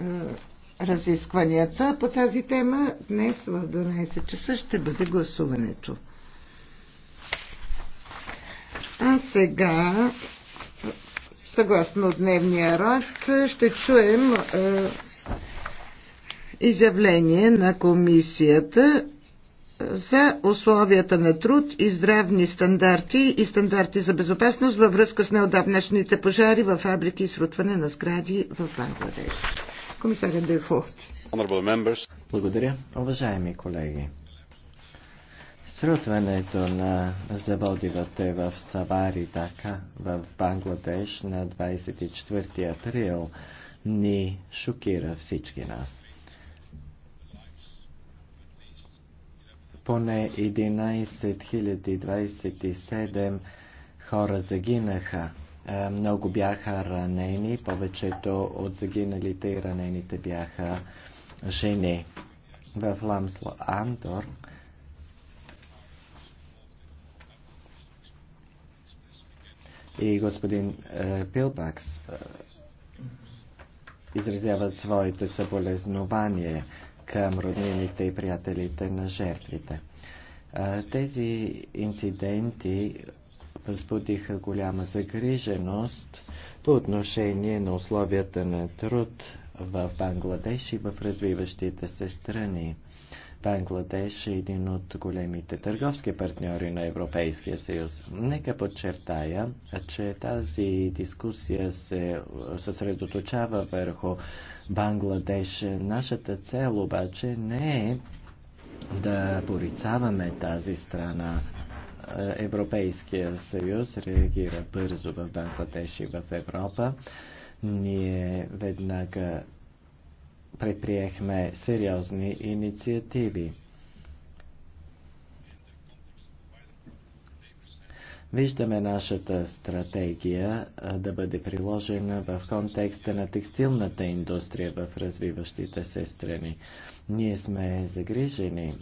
Е, разискванията по тази тема. Днес в 12 часа ще бъде гласуването. А сега, съгласно дневния род, ще чуем е, изявление на комисията за условията на труд и здравни стандарти и стандарти за безопасност във връзка с неодавнешните пожари във фабрики и срутване на сгради в Бангладеш. Комисаря Дехохти. Благодаря. Уважаеми колеги, срутването на Заводивата е в Савари Дака в Бангладеш на 24 април ни шокира всички нас. Поне 11 027 хора загинаха е, много бяха ранени, повечето от загиналите и ранените бяха жени. В Ламсло Андор и господин е, Пилбакс е, изразяват своите съболезнования към роднините и приятелите на жертвите. Тези инциденти възбудиха голяма загриженост по отношение на условията на труд в Бангладеш и в развиващите се страни. Бангладеш е един от големите търговски партньори на Европейския съюз. Нека подчертая, че тази дискусия се съсредоточава върху Бангладеш. Нашата цел обаче не е да порицаваме тази страна. Е, Европейския съюз реагира бързо в Бангладеш и в Европа. Ние веднага предприехме сериозни инициативи. Виждаме нашата стратегия да бъде приложена в контекста на текстилната индустрия в развиващите се страни. Ние сме загрижени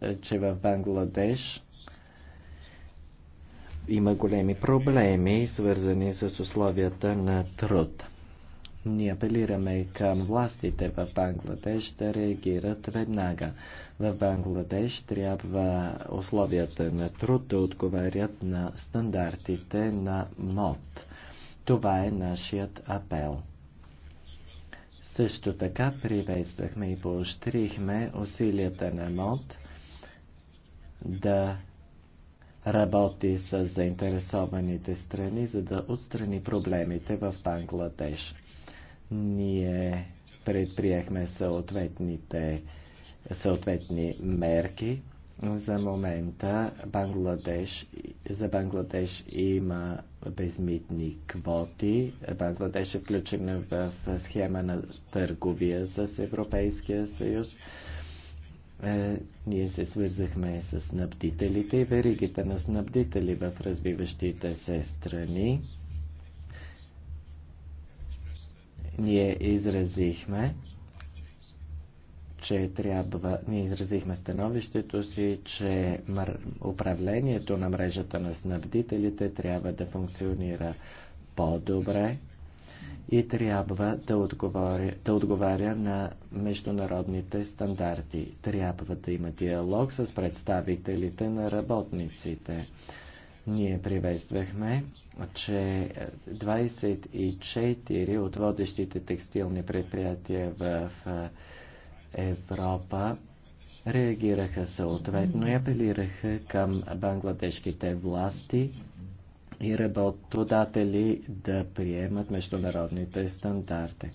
е, че в Бангладеш има големи проблеми, свързани с условията на труд. Ние апелираме към властите в Бангладеш да реагират веднага. В Бангладеш трябва условията на труд да отговарят на стандартите на МОД. Това е нашият апел. Също така приветствахме и поощрихме усилията на МОД – да работи с заинтересованите страни, за да отстрани проблемите в Бангладеш. Ние предприехме съответните, съответни мерки. За момента Бангладеш, за Бангладеш има безмитни квоти. Бангладеш е включена в схема на търговия с Европейския съюз е, ние се свързахме с снабдителите и веригите на снабдители в развиващите се страни. Ние изразихме, че трябва, ние изразихме становището си, че мър... управлението на мрежата на снабдителите трябва да функционира по-добре и трябва да отговаря, да отговаря на международните стандарти. Трябва да има диалог с представителите на работниците. Ние приветствахме, че 24 от водещите текстилни предприятия в Европа реагираха съответно и апелираха към бангладешките власти и работодатели да приемат международните стандарти.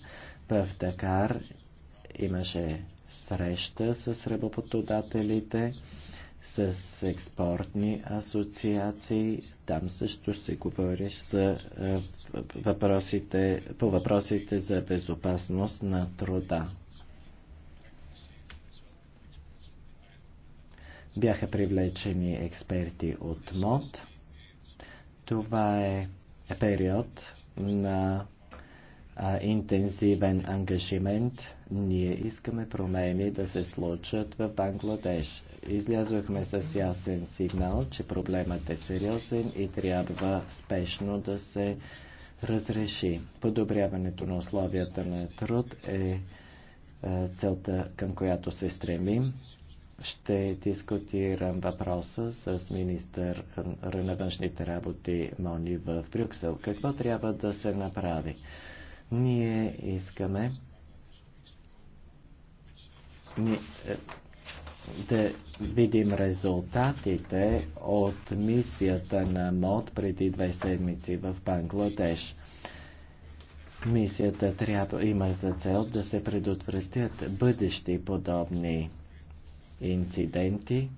В Дакар имаше среща с работодателите, с експортни асоциации. Там също се говориш за е, въпросите, по въпросите за безопасност на труда. Бяха привлечени експерти от МОД. Това е период на а, интензивен ангажимент. Ние искаме промени да се случат в Бангладеш. Излязохме с ясен сигнал, че проблемът е сериозен и трябва спешно да се разреши. Подобряването на условията на труд е целта, към която се стремим ще дискутирам въпроса с министър на външните работи Мони в Брюксел. Какво трябва да се направи? Ние искаме е, да видим резултатите от мисията на МОД преди две седмици в Бангладеш. Мисията трябва, има за цел да се предотвратят бъдещи подобни инциденти,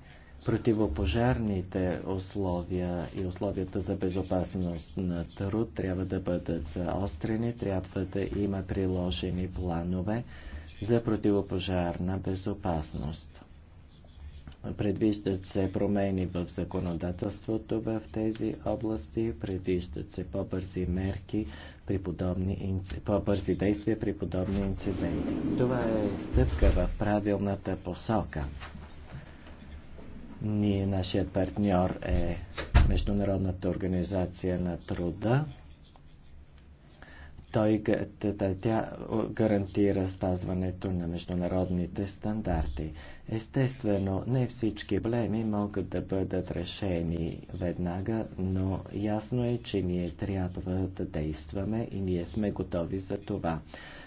противопожарните условия и условията за безопасност на труд трябва да бъдат заострени, трябва да има приложени планове за противопожарна безопасност. Предвиждат се промени в законодателството в тези области, предвиждат се по-бързи мерки при подобни, по-бързи действия при подобни инциденти. Това е стъпка в правилната посока. Ние, нашият партньор е Международната организация на труда той тя гарантира спазването на международните стандарти. Естествено, не всички проблеми могат да бъдат решени веднага, но ясно е, че ние трябва да действаме и ние сме готови за това.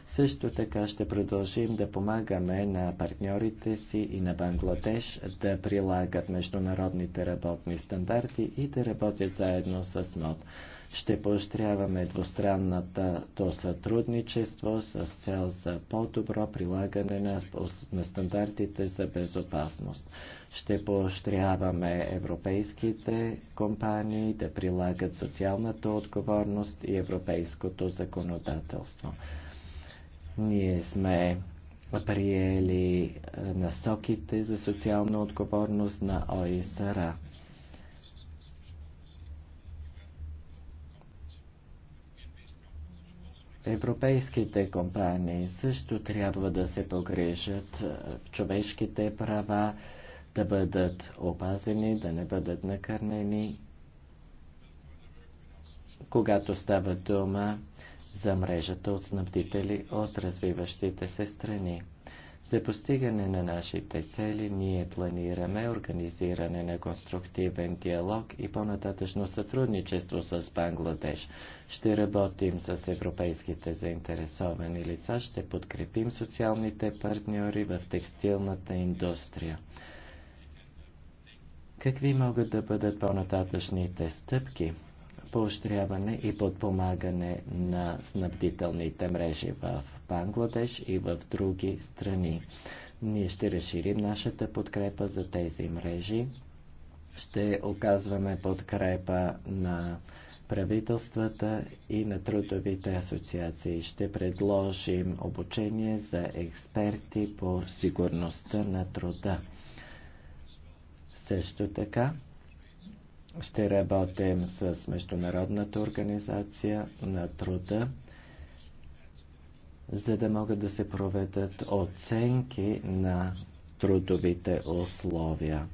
Също така ще продължим да помагаме на партньорите си и на Бангладеш да прилагат международните работни стандарти и да работят заедно с МОД. Ще поощряваме двустранното сътрудничество с цел за по-добро прилагане на, на стандартите за безопасност. Ще поощряваме европейските компании да прилагат социалната отговорност и европейското законодателство. Ние сме приели насоките за социална отговорност на ОИСРА. Европейските компании също трябва да се погрежат човешките права да бъдат опазени, да не бъдат накърнени, когато става дума за мрежата от снабдители от развиващите се страни. За постигане на нашите цели ние планираме организиране на конструктивен диалог и по-нататъчно сътрудничество с Бангладеш. Ще работим с европейските заинтересовани лица, ще подкрепим социалните партньори в текстилната индустрия. Какви могат да бъдат по-нататъчните стъпки? Поощряване и подпомагане на снабдителните мрежи в Бангладеш и в други страни. Ние ще разширим нашата подкрепа за тези мрежи. Ще оказваме подкрепа на правителствата и на трудовите асоциации. Ще предложим обучение за експерти по сигурността на труда. Също така ще работим с Международната организация на труда за да могат да се проведат оценки на трудовите условия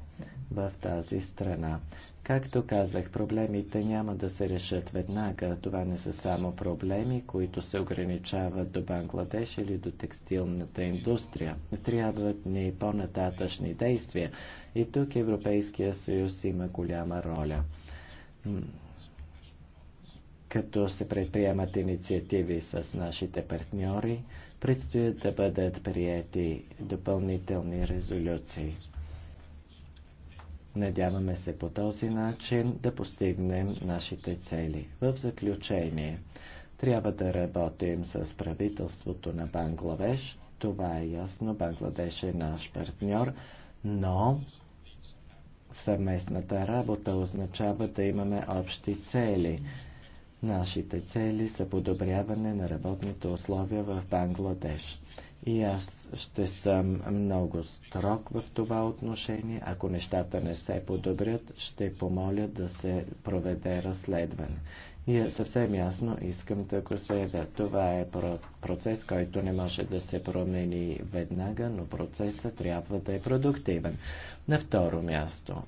в тази страна. Както казах, проблемите няма да се решат веднага. Това не са само проблеми, които се ограничават до Бангладеш или до текстилната индустрия. Трябват ни по-нататъчни действия и тук Европейския съюз има голяма роля като се предприемат инициативи с нашите партньори, предстоят да бъдат приети допълнителни резолюции. Надяваме се по този начин да постигнем нашите цели. В заключение, трябва да работим с правителството на Бангладеш. Това е ясно. Бангладеш е наш партньор, но съвместната работа означава да имаме общи цели. Нашите цели са подобряване на работните условия в Бангладеш. И аз ще съм много строг в това отношение. Ако нещата не се подобрят, ще помоля да се проведе разследване. И е съвсем ясно искам да го заявя. Това е процес, който не може да се промени веднага, но процесът трябва да е продуктивен. На второ място,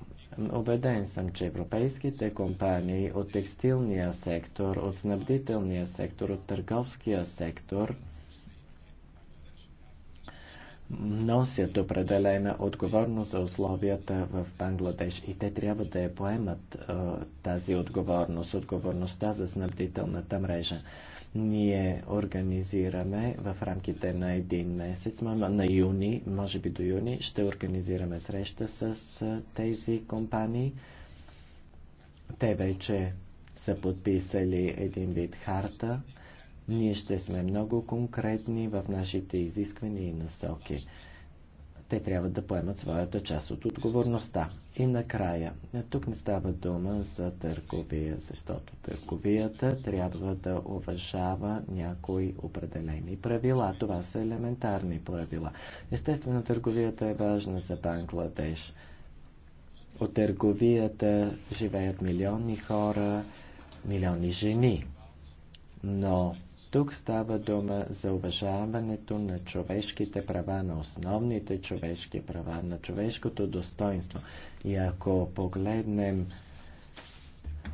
Обеден съм, че европейските компании от текстилния сектор, от снабдителния сектор, от търговския сектор носят определена отговорност за условията в Бангладеш и те трябва да я поемат тази отговорност, отговорността за снабдителната мрежа. Ние организираме в рамките на един месец, на юни, може би до юни, ще организираме среща с тези компании. Те вече са подписали един вид харта. Ние ще сме много конкретни в нашите изисквания и насоки те трябва да поемат своята част от отговорността. И накрая, тук не става дума за търговия, защото търговията трябва да уважава някои определени правила. Това са елементарни правила. Естествено, търговията е важна за Бангладеш. От търговията живеят милиони хора, милиони жени. Но тук става дума за уважаването на човешките права, на основните човешки права, на човешкото достоинство. И ако погледнем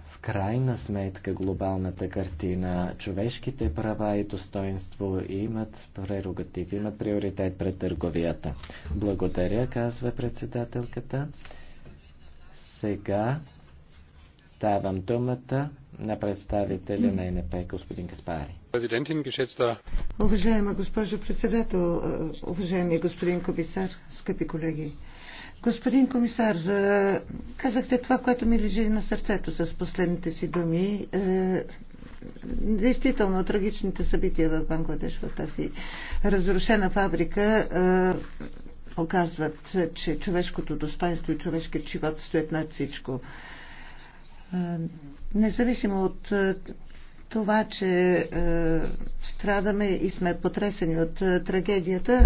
в крайна сметка глобалната картина, човешките права и достоинство имат прерогатив, имат приоритет пред търговията. Благодаря, казва председателката. Сега давам думата на представителя на НП господин Каспари. Уважаема госпожо председател, е, уважаеми господин комисар, скъпи колеги. Господин комисар, е, казахте това, което ми лежи на сърцето с последните си думи. Е, действително, трагичните събития в Бангладеш, в тази разрушена фабрика, оказват, че човешкото достоинство и човешкият живот стоят над всичко. Независимо от това, че е, страдаме и сме потресени от е, трагедията,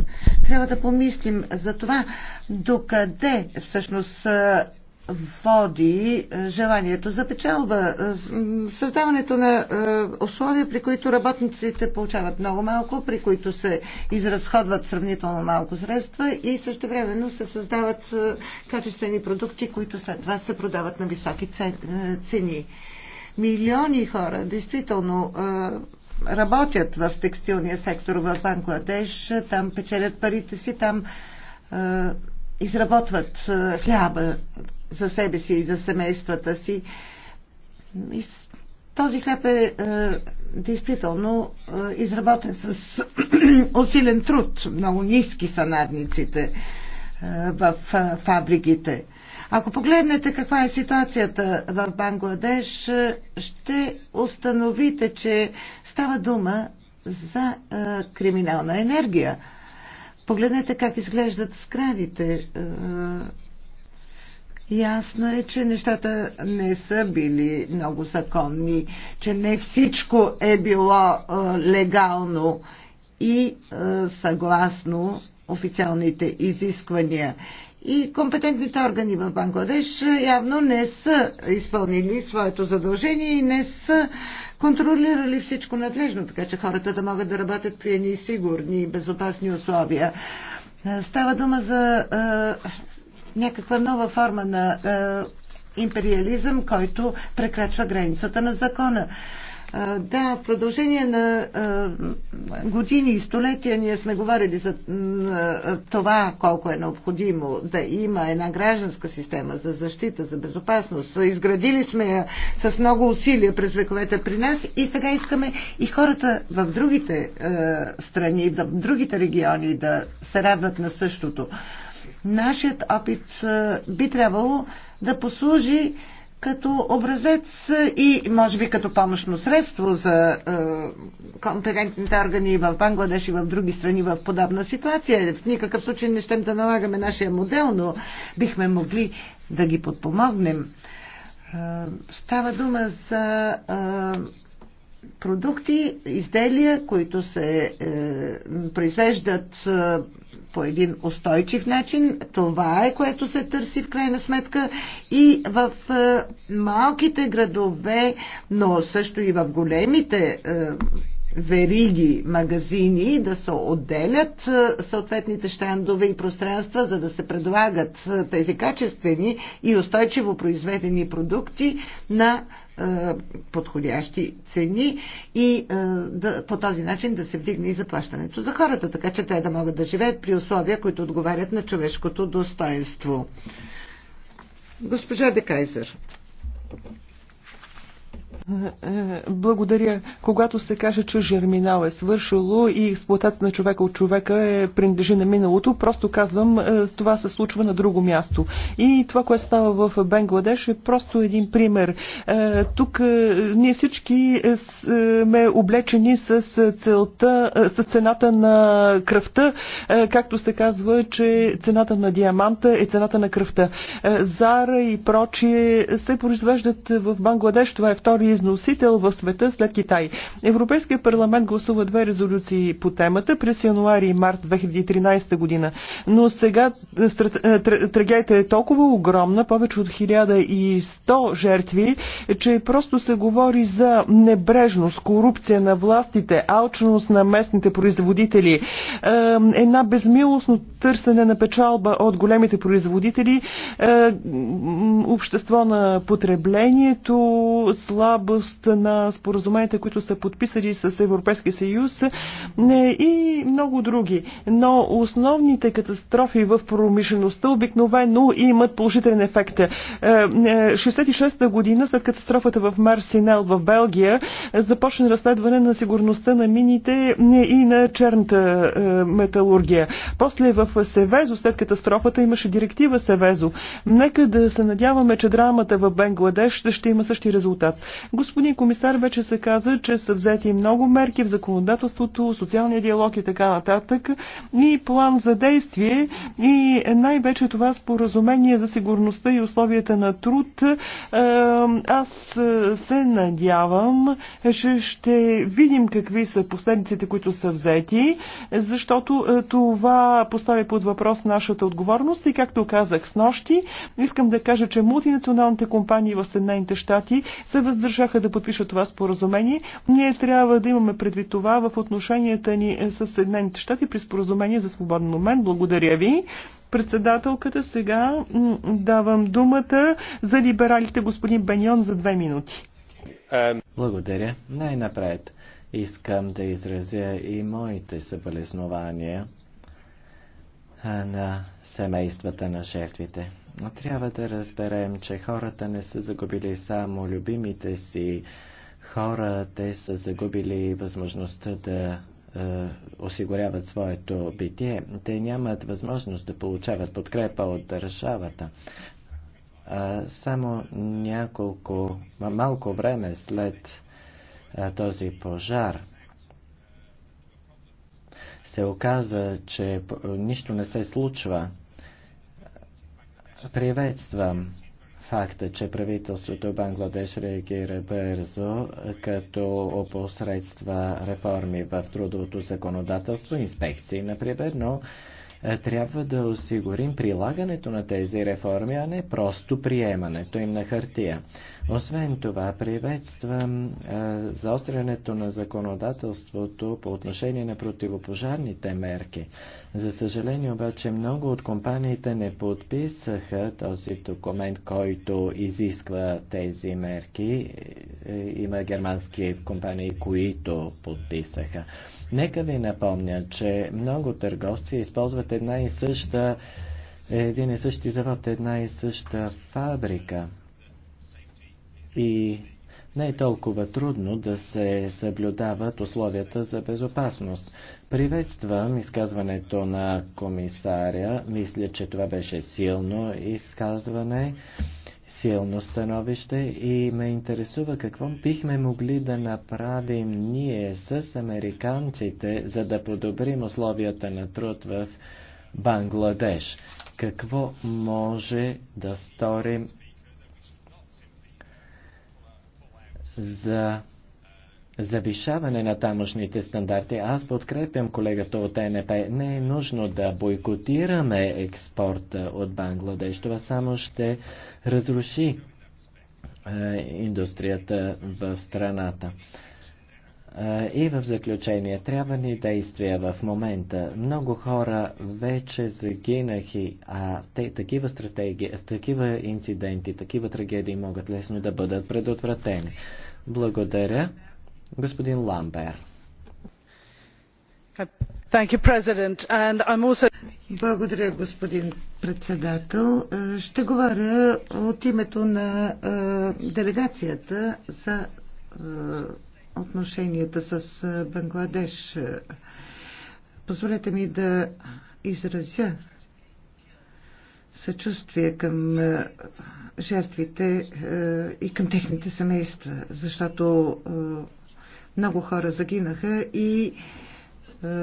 трябва да помислим за това докъде всъщност е, води е, желанието за печалба, е, създаването на е, условия, при които работниците получават много малко, при които се изразходват сравнително малко средства и също времено се създават е, качествени продукти, които след това се продават на високи е, цени. Милиони хора действително работят в текстилния сектор в Бангладеш, там печелят парите си, там изработват хляба за себе си и за семействата си. И този хляб е, действително изработен с усилен труд. Много ниски са надниците в фабриките. Ако погледнете каква е ситуацията в Бангладеш, ще установите, че става дума за а, е, криминална енергия. Погледнете как изглеждат сградите. Е, ясно е, че нещата не са били много законни, че не всичко е било е, легално и съгласно официалните изисквания. И компетентните органи в Бангладеш явно не са изпълнили своето задължение и не са контролирали всичко надлежно, така че хората да могат да работят при едни сигурни и безопасни условия. Става дума за е, някаква нова форма на е, империализъм, който прекрачва границата на закона. Е, да, в продължение на години и столетия ние сме говорили за това колко е необходимо да има една гражданска система за защита, за безопасност. Изградили сме я с много усилия през вековете при нас и сега искаме и хората в другите страни, в другите региони да се радват на същото. Нашият опит би трябвало да послужи като образец и може би като помощно средство за е, компетентните органи в Бангладеш и в други страни в подобна ситуация. В никакъв случай не щем да налагаме нашия модел, но бихме могли да ги подпомогнем. Е, става дума за е, продукти, изделия, които се е, произвеждат е, по един устойчив начин. Това е което се търси в крайна сметка и в е, малките градове, но също и в големите е, вериги магазини, да се отделят е, съответните щендове и пространства, за да се предлагат е, тези качествени и устойчиво произведени продукти на е, подходящи цени и да, по този начин да се вдигне и заплащането за хората, така че те да могат да живеят при условия, които отговарят на човешкото достоинство. Госпожа Декайзер. Благодаря. Когато се каже, че жерминал е свършило и експлуатацията на човека от човека е принадлежи на миналото, просто казвам, е, това се случва на друго място. И това, което става в Бангладеш е просто един пример. Е, тук е, ние всички сме облечени с целта, с цената на кръвта, както се казва, че цената на диаманта е цената на кръвта. Зара и прочие се произвеждат в Бангладеш, това е втори износител в света след Китай. Европейския парламент гласува две резолюции по темата през януари и март 2013 година. Но сега е, е, трагедията е толкова огромна, повече от 1100 жертви, че просто се говори за небрежност, корупция на властите, алчност на местните производители, е, една безмилостно търсене на печалба от големите производители, общество на потреблението, слабост на споразуменията, които са подписали с Европейския съюз е, и много други. Но основните катастрофи в промишлеността обикновено имат положителен ефект. 66-та е, е, година след катастрофата в Марсинел в Белгия започна разследване на сигурността на мините и на черната металургия. После в Севезо, след катастрофата, имаше директива Севезо. Нека да се надяваме, че драмата в Бенгладеш ще има същи резултат. Господин комисар вече се каза, че са взети много мерки в законодателството, социалния диалог и така нататък и план за действие и най-вече това споразумение за сигурността и условията на труд. Е, аз се надявам, че ще видим какви са последиците, които са взети, защото е, това поставя под въпрос нашата отговорност и както казах с нощи, искам да кажа, че мултинационалните компании в Съединените щати са въздържаха да подпишат това споразумение. Ние трябва да имаме предвид това в отношенията ни е, с Съединените щати при споразумение за свободен момент. Благодаря ви. Председателката сега давам думата за либералите господин Беньон за две минути. Благодаря. Най-напред искам да изразя и моите съболезнования на семействата на жертвите. Но трябва да разберем, че хората не са загубили само любимите си хора, те са загубили възможността да е, осигуряват своето битие. Те нямат възможност да получават подкрепа от държавата. А, само няколко, малко време след а, този пожар, се оказа, че нищо не се случва. Приветствам факта, че правителството Бангладеш реагира бързо, като опосредства реформи в трудовото законодателство, инспекции, например, но е, трябва да осигурим прилагането на тези реформи, а не просто приемането им на хартия. Освен това, приветствам е, заострянето на законодателството по отношение на противопожарните мерки. За съжаление обаче много от компаниите не подписаха този документ, който изисква тези мерки. Е, има германски компании, които подписаха. Нека ви напомня, че много търговци използват една и съща, един и същи завод, една и съща фабрика. И не е толкова трудно да се съблюдават условията за безопасност. Приветствам изказването на комисаря. Мисля, че това беше силно изказване силно становище и ме интересува какво бихме могли да направим ние с американците, за да подобрим условията на труд в Бангладеш. Какво може да сторим за завишаване на тамошните стандарти. Аз подкрепям колегата от ЕНП. Не е нужно да бойкотираме експорта от Бангладеш. Това само ще разруши е, индустрията в страната. Е, и в заключение, трябва ни действия в момента. Много хора вече загинахи, а те, такива стратегии, такива инциденти, такива трагедии могат лесно да бъдат предотвратени. Благодаря. Господин Ламбер. Благодаря, господин председател. Е, ще говоря от името на е, делегацията за е, отношенията с Бангладеш. Позволете ми да изразя съчувствие към жертвите и към техните семейства, защото много хора загинаха и е,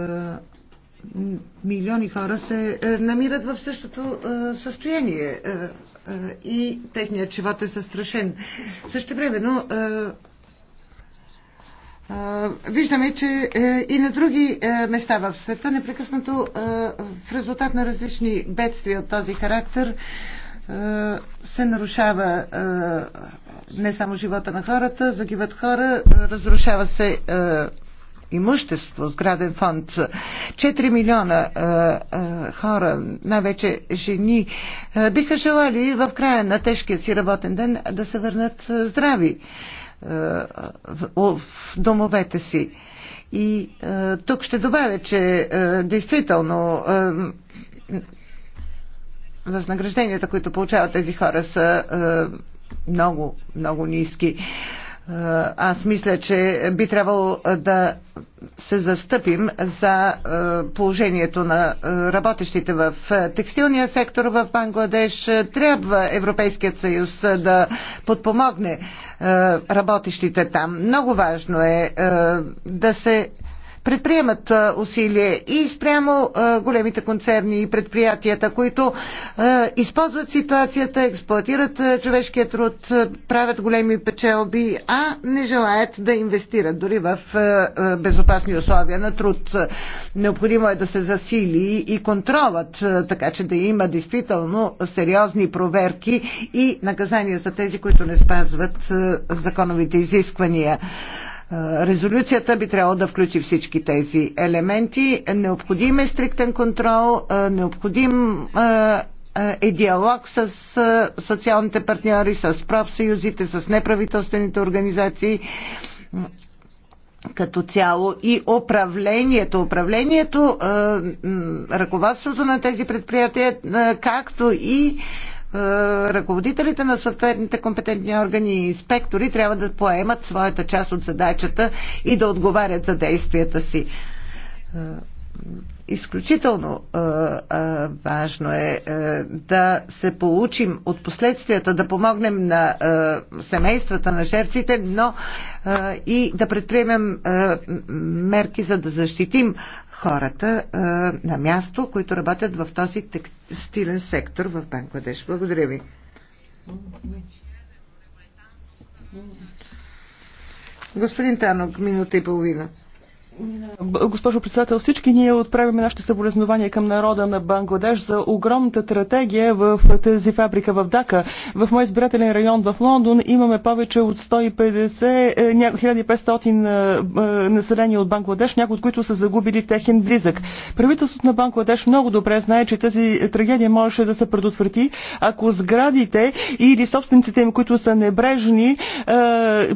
милиони хора се е, намират в същото е, състояние и техният живот е застрашен. Също е, виждаме, че и на други места в света непрекъснато в резултат на различни бедствия от този характер е, се нарушава е, не само живота на хората, загиват хора, разрушава се е, имущество, сграден фонд. 4 милиона хора, най-вече жени, биха желали в края на тежкия си работен ден да се върнат здрави в домовете си. И тук ще добавя, че действително възнагражденията, които получават тези хора, са е, много, много ниски. Е, аз мисля, че би трябвало да се застъпим за е, положението на работещите в текстилния сектор в Бангладеш. Трябва Европейският съюз да подпомогне работещите там. Много важно е да се предприемат усилие и спрямо големите концерни и предприятията, които използват ситуацията, експлуатират човешкия труд, правят големи печелби, а не желаят да инвестират дори в безопасни условия на труд. Необходимо е да се засили и контролът, така че да има действително сериозни проверки и наказания за тези, които не спазват законовите изисквания. Е, резолюцията би трябвало да включи всички тези елементи. Необходим е стриктен контрол, е, необходим е, е диалог с социалните партньори, с профсъюзите, с неправителствените организации като цяло и управлението. Управлението, ръководството на тези предприятия, както и е, ръководителите на съответните компетентни органи и инспектори трябва да поемат своята част от задачата и да отговарят за действията си. Е, Изключително а, а, важно е а, да се получим от последствията, да помогнем на а, семействата, на жертвите, но а, и да предприемем а, мерки за да защитим хората а, на място, които работят в този текстилен сектор в Бангладеш. Благодаря ви. Господин Танок, минута и половина. Госпожо председател, всички ние отправяме нашите съболезнования към народа на Бангладеш за огромната стратегия в тази фабрика в Дака. В мой избирателен район в Лондон имаме повече от 150, 1500 население от Бангладеш, някои от които са загубили техен близък. Правителството на Бангладеш много добре знае, че тази трагедия можеше да се предотврати, ако сградите или собствениците им, които са небрежни,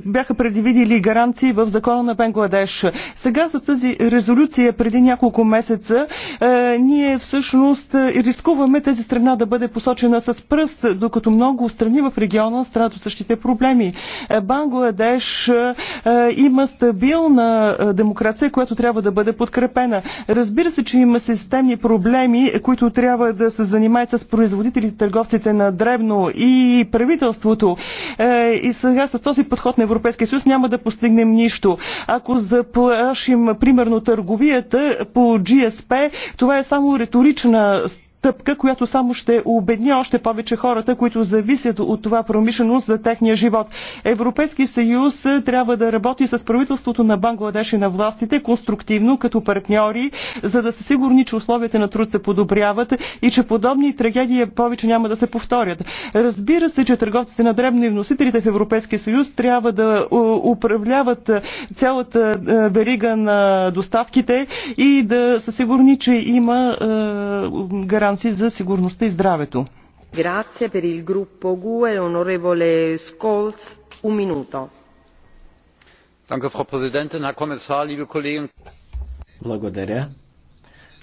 бяха предвидили гаранции в закона на Бангладеш. Сега с тази резолюция преди няколко месеца е, ние всъщност е, рискуваме тази страна да бъде посочена с пръст, докато много страни в региона страдат от същите проблеми. Е, Бангладеш има стабилна демокрация, която трябва да бъде подкрепена. Разбира се, че има системни проблеми, които трябва да се занимаят с производителите, търговците на дребно и правителството. И сега с този подход на Европейския съюз няма да постигнем нищо. Ако заплашим включим примерно търговията по GSP, това е само риторична стъпка, която само ще обедни още повече хората, които зависят от това промишленост за техния живот. Европейски съюз е, трябва да работи с правителството на Бангладеш и на властите конструктивно като партньори, за да са сигурни, че условията на труд се подобряват и че подобни трагедии повече няма да се повторят. Разбира се, че търговците на дребни и вносителите в Европейския съюз трябва да е, управляват е, цялата верига на доставките и да са сигурни, че има гарантия гаранции за сигурността и здравето. Благодаря.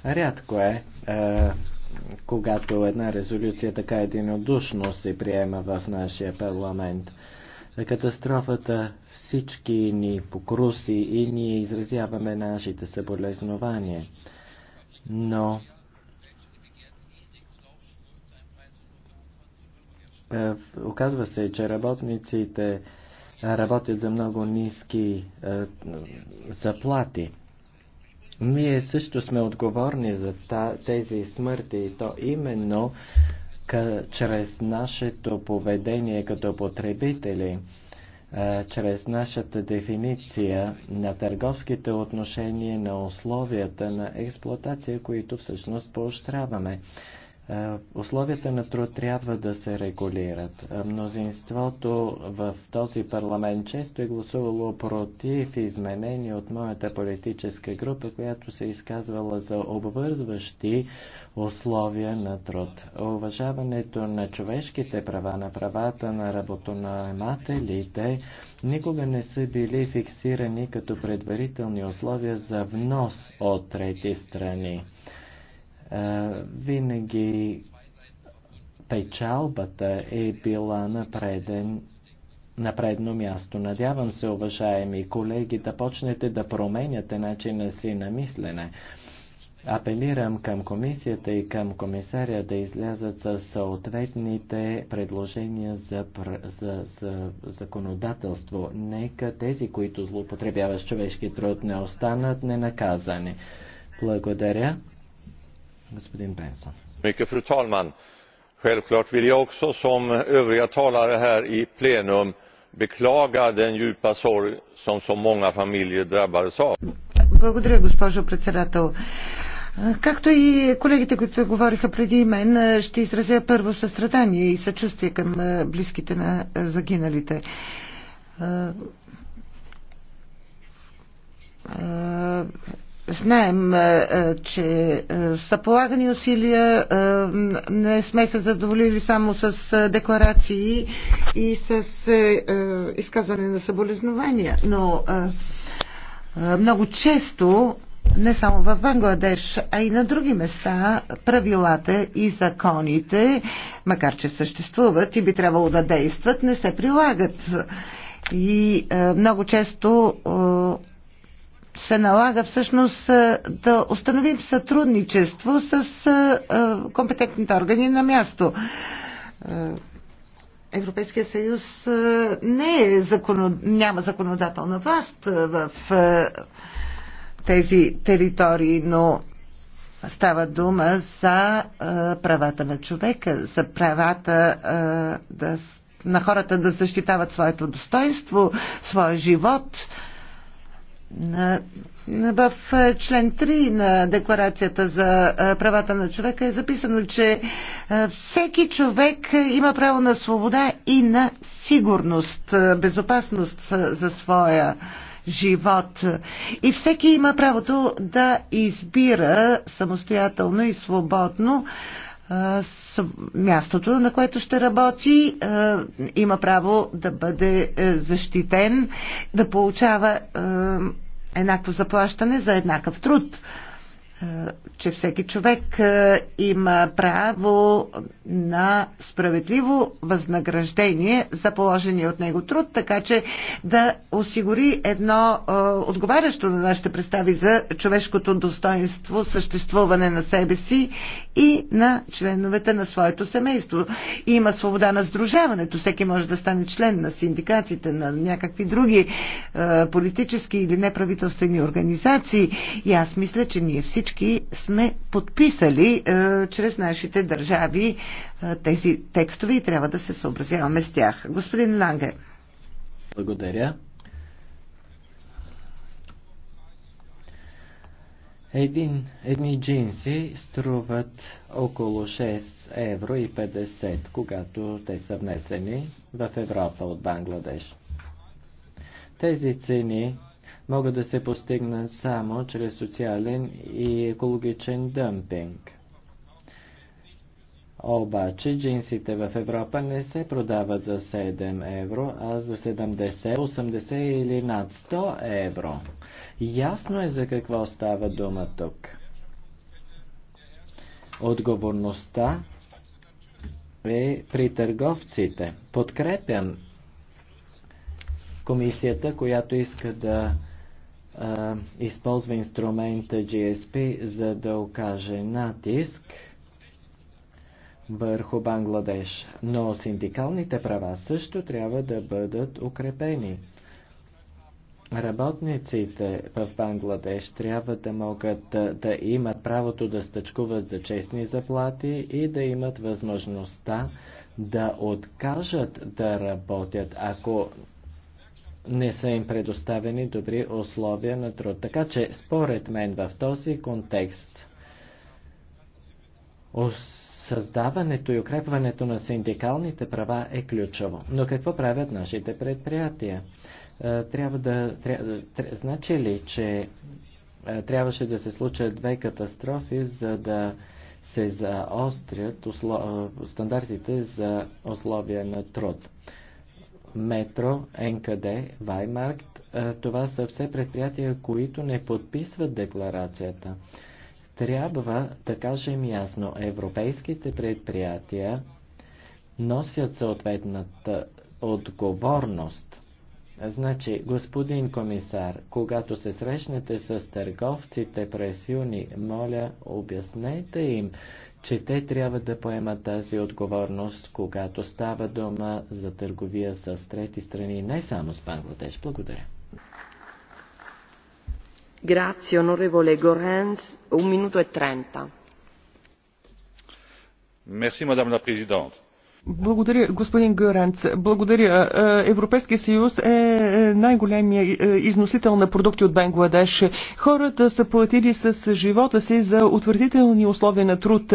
Рядко е, е когато една резолюция така единодушно се приема в нашия парламент. катастрофата всички ни покруси и ние изразяваме нашите съболезнования. Но Е, оказва се, че работниците работят за много ниски е, заплати. Ние също сме отговорни за тези смърти и то именно чрез нашето поведение като потребители, е, чрез нашата дефиниция на търговските отношения, на условията на експлоатация, които всъщност поощряваме. Е, условията на труд трябва да се регулират. Е, мнозинството в този парламент често е гласувало против изменения от моята политическа група, която се е изказвала за обвързващи условия на труд. Уважаването на човешките права, на правата на работонаемателите никога не са били фиксирани като предварителни условия за внос от трети страни. Е, винаги печалбата е била на преден на предно място. Надявам се, уважаеми колеги, да почнете да променяте начина си на мислене. Апелирам към комисията и към комисаря да излязат с съответните предложения за, за, за законодателство. Нека тези, които злоупотребяват човешки труд, не останат ненаказани. Благодаря. Fru talman! Självklart vill jag också som övriga talare här i plenum beklaga den djupa sorg som så många familjer drabbades av. Благодаря, госпожо председател. Както и колегите, които говориха преди мен, ще изразя първо състрадание и съчувствие към близките на загиналите. Знаем, е, е, че е, са полагани усилия, не сме се задоволили само с декларации и с изказване на съболезнования, но много често, не само в Бангладеш, а и на други места, правилата и законите, макар че съществуват и би трябвало да действат, не се прилагат. И много често се налага всъщност е, да установим сътрудничество с е, е, компетентните органи на място. Европейския съюз не е закон... няма законодателна власт в тези територии, но става дума за правата на човека, за правата на хората да защитават своето достоинство, своя живот в е, член 3 на Декларацията за е, правата на човека е записано, че е, всеки човек има право на свобода и на сигурност, безопасност за своя живот. И всеки има правото да избира самостоятелно и свободно с мястото, на което ще работи, има право да бъде е, защитен, да получава е, еднакво заплащане за еднакъв труд че всеки човек има право на справедливо възнаграждение за положение от него труд, така че да осигури едно отговарящо на нашите представи за човешкото достоинство, съществуване на себе си и на членовете на своето семейство. Има свобода на сдружаването. Всеки може да стане член на синдикатите, на някакви други политически или неправителствени организации. И аз мисля, че ние всички всички сме подписали е, чрез нашите държави е, тези текстове и трябва да се съобразяваме с тях. Господин Ланге. Благодаря. Един, едни джинси струват около 6 евро и 50, когато те са внесени в Европа от Бангладеш. Тези цени могат да се постигнат само чрез социален и екологичен дъмпинг. Обаче джинсите в Европа не се продават за 7 евро, а за 70, 80 или над 100 евро. Ясно е за какво става дума тук. Отговорността е при търговците. Подкрепям комисията, която иска да използва инструмента GSP, за да окаже натиск върху Бангладеш. Но синдикалните права също трябва да бъдат укрепени. Работниците в Бангладеш трябва да могат да, да имат правото да стъчкуват за честни заплати и да имат възможността да откажат да работят, ако не са им предоставени добри условия на труд. Така че, според мен, в този контекст създаването и укрепването на синдикалните права е ключово. Но какво правят нашите предприятия? Е, трябва да... Тря, е, значи ли, че е, трябваше да се случат две катастрофи, за да се заострят услов... стандартите за условия на труд? Метро, НКД, Ваймаркт, това са все предприятия, които не подписват декларацията. Трябва да кажем ясно, европейските предприятия носят съответната отговорност. Значи, господин комисар, когато се срещнете с търговците през юни, моля, обяснете им, че те трябва да поемат тази отговорност, когато става дома за търговия с трети страни, не само с Бангладеш. Благодаря. Grazie, onorevole Gorens. Un minuto e trenta. Merci, madame la présidente благодаря, господин Гаранц. Благодаря. Е, Европейския съюз е, е най-големия е, износител на продукти от Бангладеш. Хората са платили с живота си за утвърдителни условия на труд.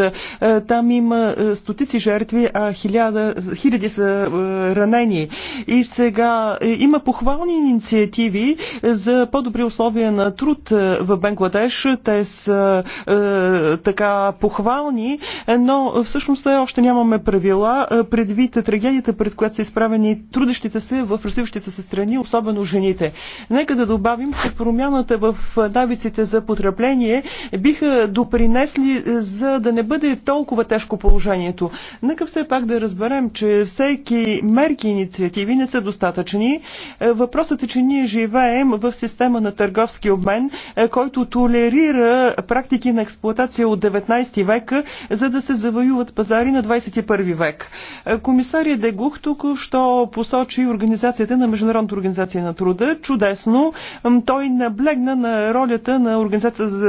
Там има стотици жертви, а хиляда, хиляди са ранени. И сега има похвални инициативи за по-добри условия на труд в Бангладеш. Те са така похвални, но всъщност още нямаме правила предвид трагедията, пред която са изправени трудещите се в развиващите се страни, особено жените. Нека да добавим, че промяната в навиците за потребление биха допринесли е, за да не бъде толкова тежко положението. Нека все пак да разберем, че всеки мерки и инициативи не са достатъчни. Е, въпросът е, че ние живеем в система на търговски обмен, е, който толерира практики на експлуатация от 19 века, за да се завоюват пазари на 21 век. Комисария Дегух тук що посочи организацията на Международната организация на труда. Чудесно. Той наблегна на ролята на Организация за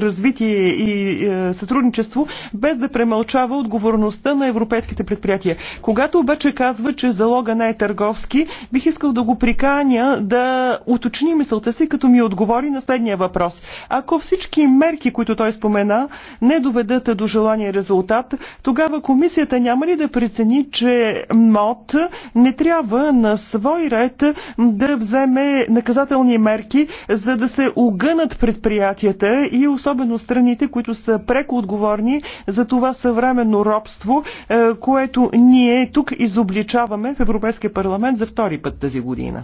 развитие и е, сътрудничество, без да премълчава отговорността на европейските предприятия. Когато обаче казва, че залога не е търговски, бих искал да го приканя да уточни мисълта си, като ми отговори на следния въпрос. Ако всички мерки, които той спомена, не доведат до желания резултат, тогава комисията няма ли да прецени прецени, че МОД не трябва на свой ред да вземе наказателни мерки, за да се огънат предприятията и особено страните, които са преко отговорни за това съвременно робство, е, което ние тук изобличаваме в Европейския парламент за втори път тази година.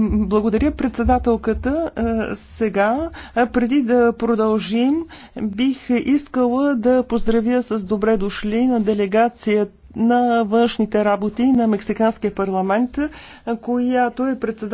Благодаря председателката. Сега, преди да продължим, бих искала да поздравя с добре дошли на делегацията на външните работи на Мексиканския парламент, която е председател